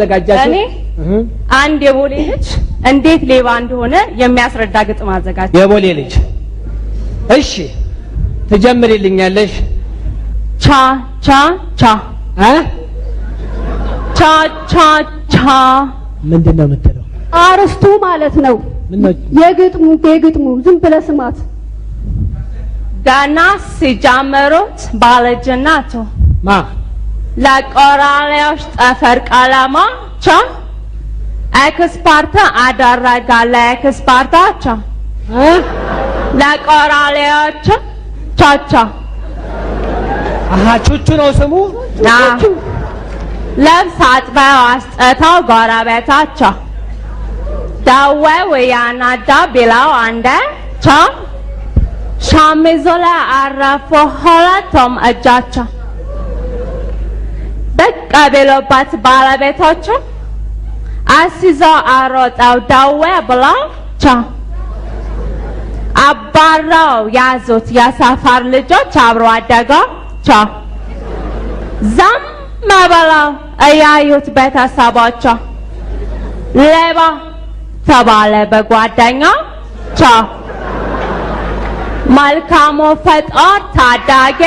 ዘጋጃችሁ አንድ የቦሌ ልጅ እንዴት ሌባ እንደሆነ የሚያስረዳ ግጥም አዘጋጅ። የቦሌ ልጅ እሺ፣ ትጀምሪልኛለሽ? ቻ ቻ ቻ አ ቻ ቻ ቻ ምንድን ነው የምትለው? አርስቱ ማለት ነው የግጥሙ የግጥሙ ዝም ብለህ ስማት። ዳና ሲጃመሮት ባለጀናቶ ማ ለቆራሌዎች ጠፈር ቀለማ ቻ ኤክስፐርት አደረጋለ ኤክስፐርት ቻ ለቆራሌዎች ቻቻ አሃ ቹቹ ነው ስሙ። ልብስ አጥበው አስጥተው ጎረቤታቸው ደወው ያናዳ ቢላው አንደ ቻ ሻሚዞ ላይ አረፉ ሁለቱም እጃቸው ቀበሎባት ባለቤቶቹ አስይዘው አሮጠው ደዌ ብለው አባረው ያዙት። የሰፈር ልጆች አብሮ አደጋቸው ዝም ብለው እያዩት ቤተሰባቸው ሌባ ተባለ በጓደኛቸው። መልካሙ ፈጣሪ ታዳጊ